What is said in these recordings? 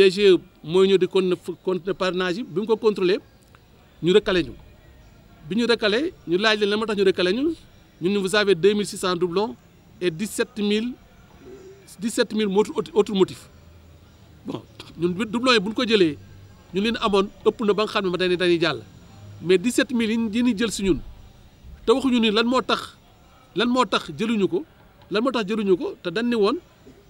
DGE moy ñu di contrôler parrainage yi bi mu ko contrôlé ñu recalé ñu bi ñu recalé ñu laaj leen lan moo tax ñu recalé ñu ñun vous avez 2600 doublons et 17000 17000 motu autres motifs bon ñun doublons yi bu ñu ko jëlé ñu leen amone ëpp na ba nga xam ne ma dañuy dañuy jàll mais 17000 yi ñuy jël si ñun te ñu ni lan mo tax lan mo tax jëluñu ko lan mo tax jëluñu ko te dañ ni won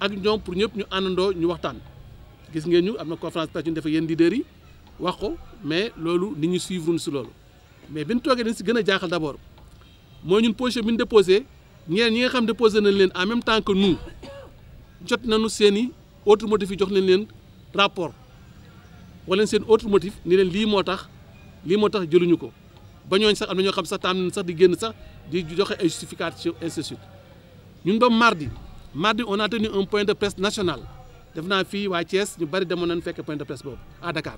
ak ñoom pour ñëpp ñu àndandoo ñu waxtaan gis ngeen ñu am na conférence presse ñu defee yéen leaders yi wax ko mais loolu nit ñi suivre si loolu mais bi ñu toogee dañ si gën a jaaxal d' abord ñun projet bi déposé ñeneen ñi nga xam déposé nañ leen en même temps que nous jot nañu seen autre motif jox nañ leen rapport wala seen autre motif ni leen lii moo tax lii jëluñu ko ba ñooñ sax am ñoo xam sax sax di génn sax di joxe ainsi de suite ñun ba mardi. mardi on a tenu un point de presse national Devenant fille fii waa ñu bari demoon point de presse bob à Dakar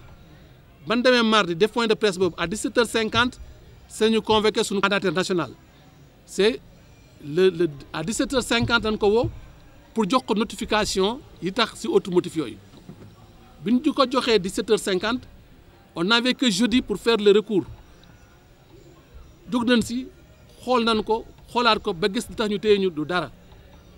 ban demee mardi de presse bob à 17h50 c'est ñu convoqué suñu candidat national c'est le à 17h50 en ko pour jox ko notification yi tax ci automotif yooyu bi ñu ko à 17h50 on n'avait que jeudi pour faire le recours jóg nañ ci xool nañ ko xoolaat ko ba gis li tax ñu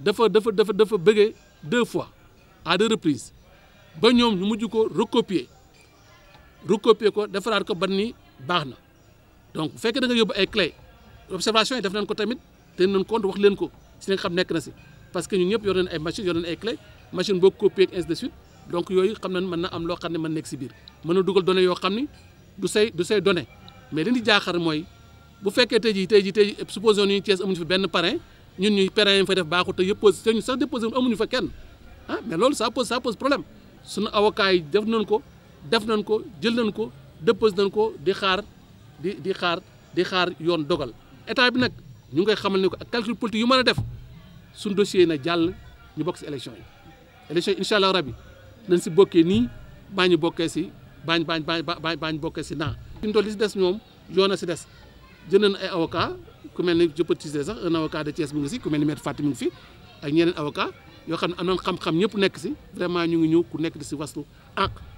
dafa dafa dafa dafa bëggee deux fois à deux reprises ba ñoom ñu mujj ko recopier recopier ko defaraat ko ban ni baax na donc bu fekkee da nga yóbbu ay clé observation yi def nañ ko tamit te nañ compte wax leen ko si nga xam nekk na si parce que ñun ñëpp yor nañ ay machine yor nañ ay clé machine boo copier ak ainsi de suite donc yooyu xam nañ mën na am loo xam ne mën nekk si biir mën na dugal données yoo xam ni du say du say données mais li ñu jaaxar mooy bu fekkee tey jii tey jii tey supposons ni Thiès amuñu fi benn parrain. ñun ñuy terrain yi fa def baaxut te yëppose te ñu sax déposé amuñu fa kenn ah mais loolu ça pose ça pose problème suñu avocat yi def nañ ko def nañ ko jël nañ ko déposé nañ ko di xaar di di xaar di xaar yoon dogal état bi nag ñu ngi xamal ne ko ak calcul politique yu mën a def suñu dossier yi jàll ñu bokk si élection yi élection yi incha allah rabi nañ si bokkee nii baa ñu bokkee si baañ baañ baañ baañ bokkee si naa. fi mu li si des ñoom yoon a si des. jënd ay avocat ku mel ni je peux citer sax un avocat de Thiès mu ngi si ku mel ni maître Fatou mi ngi fi ak ñeneen avocat yoo xam ne am nañ xam-xam ñëpp nekk si vraiment ñu ngi ñëw ku nekk di si waslu ak